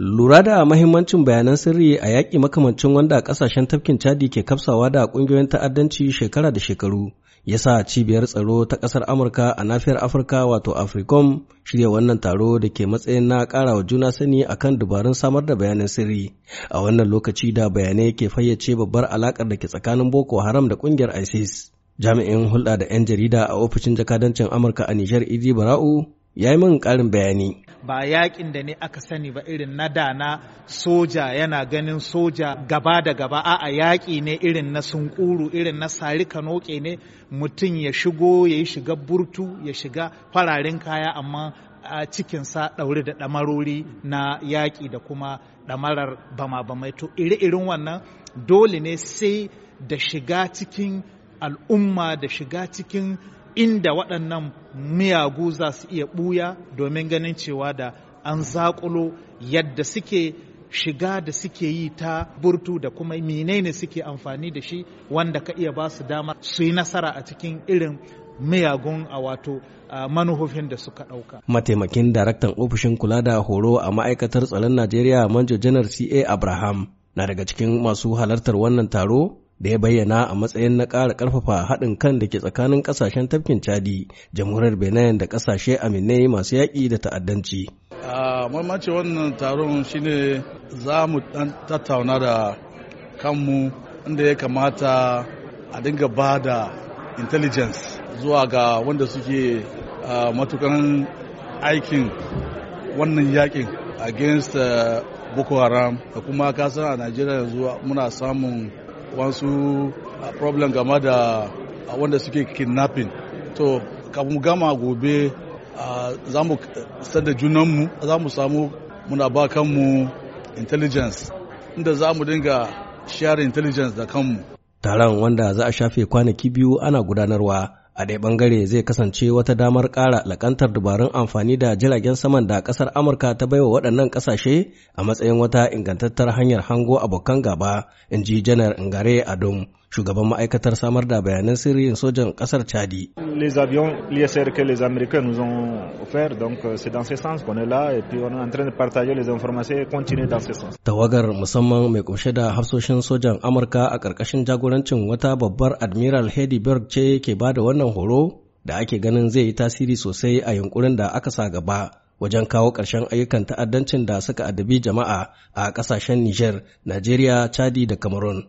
Lura da mahimmancin bayanan sirri a yaƙi makamancin wanda ƙasashen tafkin Chadi ke kafsawa da ƙungiyoyin ta'addanci shekara da shekaru, ya sa cibiyar tsaro ta ƙasar Amurka a nafiyar Afirka wato Africom shirya wannan taro da ke matsayin na ƙara wa juna sani akan dubarun samar da bayanan sirri. A wannan lokaci da bayanai ke fayyace babbar alaƙar da ke tsakanin Boko Haram da ƙungiyar ISIS. Jami'in hulɗa da 'yan jarida a ofishin jakadancin Amurka a Nijar Idi Bara'u ya yi min ƙarin bayani. ba yakin da ne aka sani ba irin na dana soja yana ganin soja gaba da gaba a'a yaƙi ne irin na sunkuru irin na sari kanoke ne mutum ya shigo ya yi shiga burtu ya shiga fararen kaya amma a cikinsa ɗauri da ɗamarori na yaƙi da kuma ɗamarar bama-bamai to iri-irin wannan dole ne sai da shiga cikin al'umma da shiga cikin inda waɗannan miyagu za su iya ɓuya domin ganin cewa da an zaƙulo yadda suke shiga da suke yi ta burtu da kuma menene suke amfani da shi wanda ka iya ba su dama su yi nasara a cikin irin miyagun a wato manufofin da suka ɗauka. Mataimakin daraktan ofishin kula da horo a ma'aikatar tsaron Najeriya Manjo Janar CA Abraham na daga cikin masu halartar wannan taro da ya bayyana a matsayin na ƙara ƙarfafa haɗin kan da ke tsakanin ƙasashen tafkin Chadi, jamhuriyar Benin da ƙasashe aminai masu yaƙi da ta'addanci. Mamace wannan taron shine za mu ɗan tattauna da kanmu inda ya kamata a dinga ba da intelligence zuwa ga wanda suke matukan aikin wannan yakin against eh, Boko Haram da kuma kasar a Najeriya yanzu muna samun wasu ah, problem game da ah, wanda suke kidnapping to kafin mu gama gobe ah, za mu eh, sada junanmu za mu samu muna ba kanmu intelligence inda za mu dinga share intelligence da kanmu taron wanda za a shafe kwanaki biyu ana gudanarwa a ɗaya ɓangare zai kasance wata damar ƙara lakantar dubarun amfani da jiragen saman da ƙasar amurka ta baiwa waɗannan ƙasashe a matsayin wata ingantattar hanyar hango abokan gaba in ji janar ngare adom shugaban ma'aikatar samar da bayanan sirrin sojan kasar chadi les avions l'ISR que les américains nous ont offert donc euh, c'est dans ce sens qu'on est là et puis on est en train de partager les informations et dans ce sens tawagar musamman mai kunshe da hafsoshin sojan amurka a karkashin jagorancin wata babbar admiral Hedy Berg ce ke ba da wannan horo da ake ganin zai yi tasiri sosai a yunkurin da aka sa gaba wajen kawo ƙarshen ayyukan ta'addancin da suka addabi jama'a a ƙasashen Nijar, Najeriya, Chadi da Cameroon.